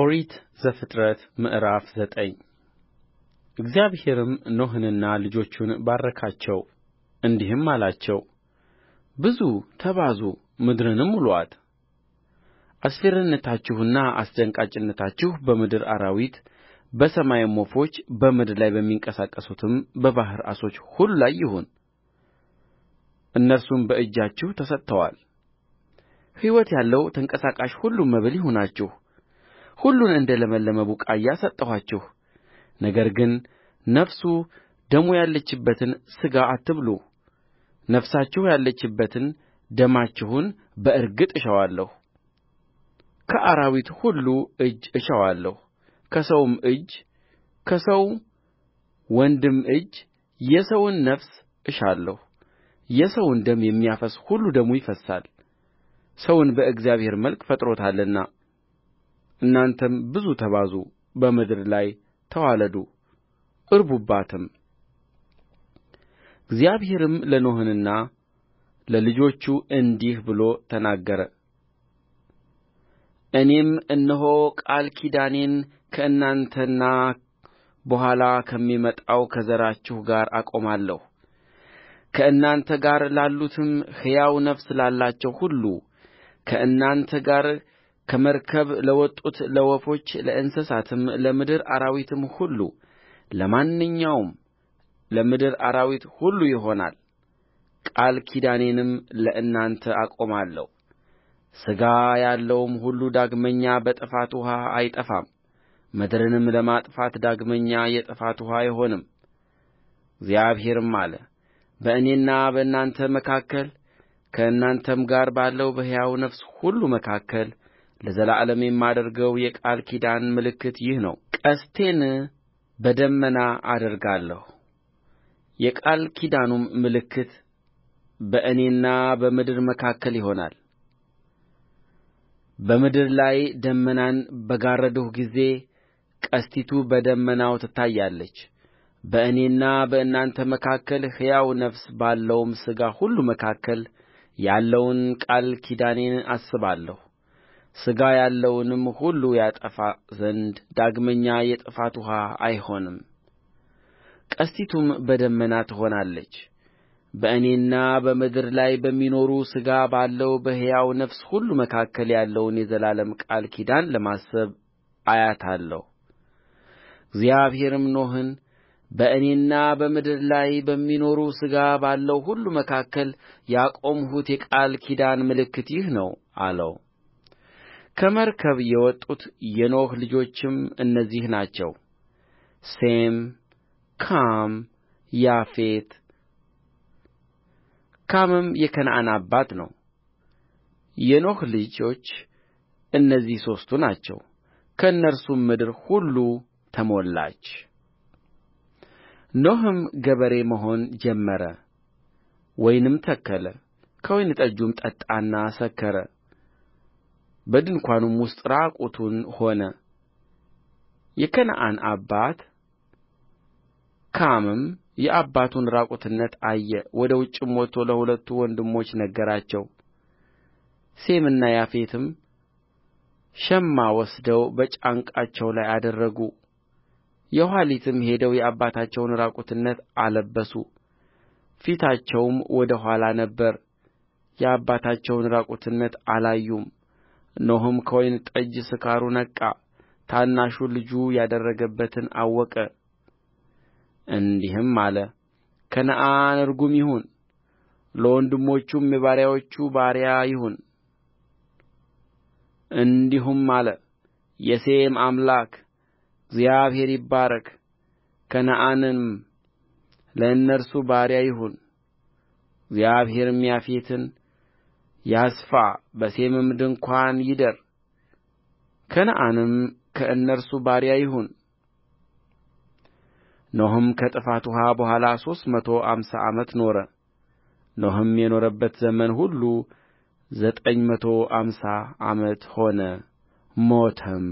ኦሪት ዘፍጥረት ምዕራፍ ዘጠኝ እግዚአብሔርም ኖኅንና ልጆቹን ባረካቸው፣ እንዲህም አላቸው፦ ብዙ ተባዙ፣ ምድርንም ሙሉአት። አስፈሪነታችሁና አስደንጋጭነታችሁ በምድር አራዊት፣ በሰማይም ወፎች፣ በምድር ላይ በሚንቀሳቀሱትም በባሕር ዓሦች ሁሉ ላይ ይሁን፤ እነርሱም በእጃችሁ ተሰጥተዋል። ሕይወት ያለው ተንቀሳቃሽ ሁሉ መብል ይሁናችሁ ሁሉን እንደ ለመለመ ቡቃያ ሰጠኋችሁ ነገር ግን ነፍሱ ደሙ ያለችበትን ሥጋ አትብሉ ነፍሳችሁ ያለችበትን ደማችሁን በእርግጥ እሻዋለሁ ከአራዊት ሁሉ እጅ እሻዋለሁ ከሰውም እጅ ከሰው ወንድም እጅ የሰውን ነፍስ እሻለሁ የሰውን ደም የሚያፈስስ ሁሉ ደሙ ይፈሳል ሰውን በእግዚአብሔር መልክ ፈጥሮታልና እናንተም ብዙ ተባዙ በምድር ላይ ተዋለዱ እርቡባትም እግዚአብሔርም ለኖኅና ለልጆቹ እንዲህ ብሎ ተናገረ እኔም እነሆ ቃል ኪዳኔን ከእናንተና በኋላ ከሚመጣው ከዘራችሁ ጋር አቆማለሁ ከእናንተ ጋር ላሉትም ሕያው ነፍስ ላላቸው ሁሉ ከእናንተ ጋር ከመርከብ ለወጡት ለወፎች ለእንስሳትም ለምድር አራዊትም ሁሉ ለማንኛውም ለምድር አራዊት ሁሉ ይሆናል ቃል ኪዳኔንም ለእናንተ አቆማለሁ ሥጋ ያለውም ሁሉ ዳግመኛ በጥፋት ውኃ አይጠፋም ምድርንም ለማጥፋት ዳግመኛ የጥፋት ውኃ አይሆንም እግዚአብሔርም አለ በእኔና በእናንተ መካከል ከእናንተም ጋር ባለው በሕያው ነፍስ ሁሉ መካከል ለዘላለም የማደርገው የቃል ኪዳን ምልክት ይህ ነው ቀስቴን በደመና አደርጋለሁ የቃል ኪዳኑም ምልክት በእኔና በምድር መካከል ይሆናል በምድር ላይ ደመናን በጋረድሁ ጊዜ ቀስቲቱ በደመናው ትታያለች በእኔና በእናንተ መካከል ሕያው ነፍስ ባለውም ሥጋ ሁሉ መካከል ያለውን ቃል ኪዳኔን አስባለሁ ሥጋ ያለውንም ሁሉ ያጠፋ ዘንድ ዳግመኛ የጥፋት ውኃ አይሆንም ቀስቲቱም በደመና ትሆናለች በእኔና በምድር ላይ በሚኖር ሥጋ ባለው በሕያው ነፍስ ሁሉ መካከል ያለውን የዘላለም ቃል ኪዳን ለማሰብ አያታለሁ እግዚአብሔርም ኖኅን በእኔና በምድር ላይ በሚኖር ሥጋ ባለው ሁሉ መካከል ያቆምሁት የቃል ኪዳን ምልክት ይህ ነው አለው ከመርከብ የወጡት የኖኅ ልጆችም እነዚህ ናቸው ሴም ካም ያፌት ካምም የከነዓን አባት ነው የኖኅ ልጆች እነዚህ ሦስቱ ናቸው ከእነርሱም ምድር ሁሉ ተሞላች ኖኅም ገበሬ መሆን ጀመረ ወይንም ተከለ ከወይን ጠጁም ጠጣና ሰከረ በድንኳኑም ውስጥ ዕራቁቱን ሆነ የከነዓን አባት ካምም የአባቱን ዕራቁትነት አየ ወደ ውጭም ወጥቶ ለሁለቱ ወንድሞቹ ነገራቸው ሴምና ያፌትም ሸማ ወስደው በጫንቃቸው ላይ አደረጉ የኋሊትም ሄደው የአባታቸውን ዕራቁትነት አለበሱ ፊታቸውም ወደ ኋላ ነበረ የአባታቸውን ዕራቁትነት አላዩም ኖኅም ከወይን ጠጅ ስካሩ ነቃ ታናሹ ልጁ ያደረገበትን አወቀ እንዲህም አለ ከነዓን ርጉም ይሁን ለወንድሞቹም የባሪያዎቹ ባሪያ ይሁን እንዲሁም አለ የሴም አምላክ እግዚአብሔር ይባረክ ከነዓንም ለእነርሱ ባሪያ ይሁን እግዚአብሔርም ያፌትን ያስፋ በሴምም ድንኳን ይደር ከነዓንም ከእነርሱ ባሪያ ይሁን ኖኅም ከጥፋት ውኃ በኋላ ሦስት መቶ አምሳ ዓመት ኖረ ኖኅም የኖረበት ዘመን ሁሉ ዘጠኝ መቶ አምሳ ዓመት ሆነ ሞተም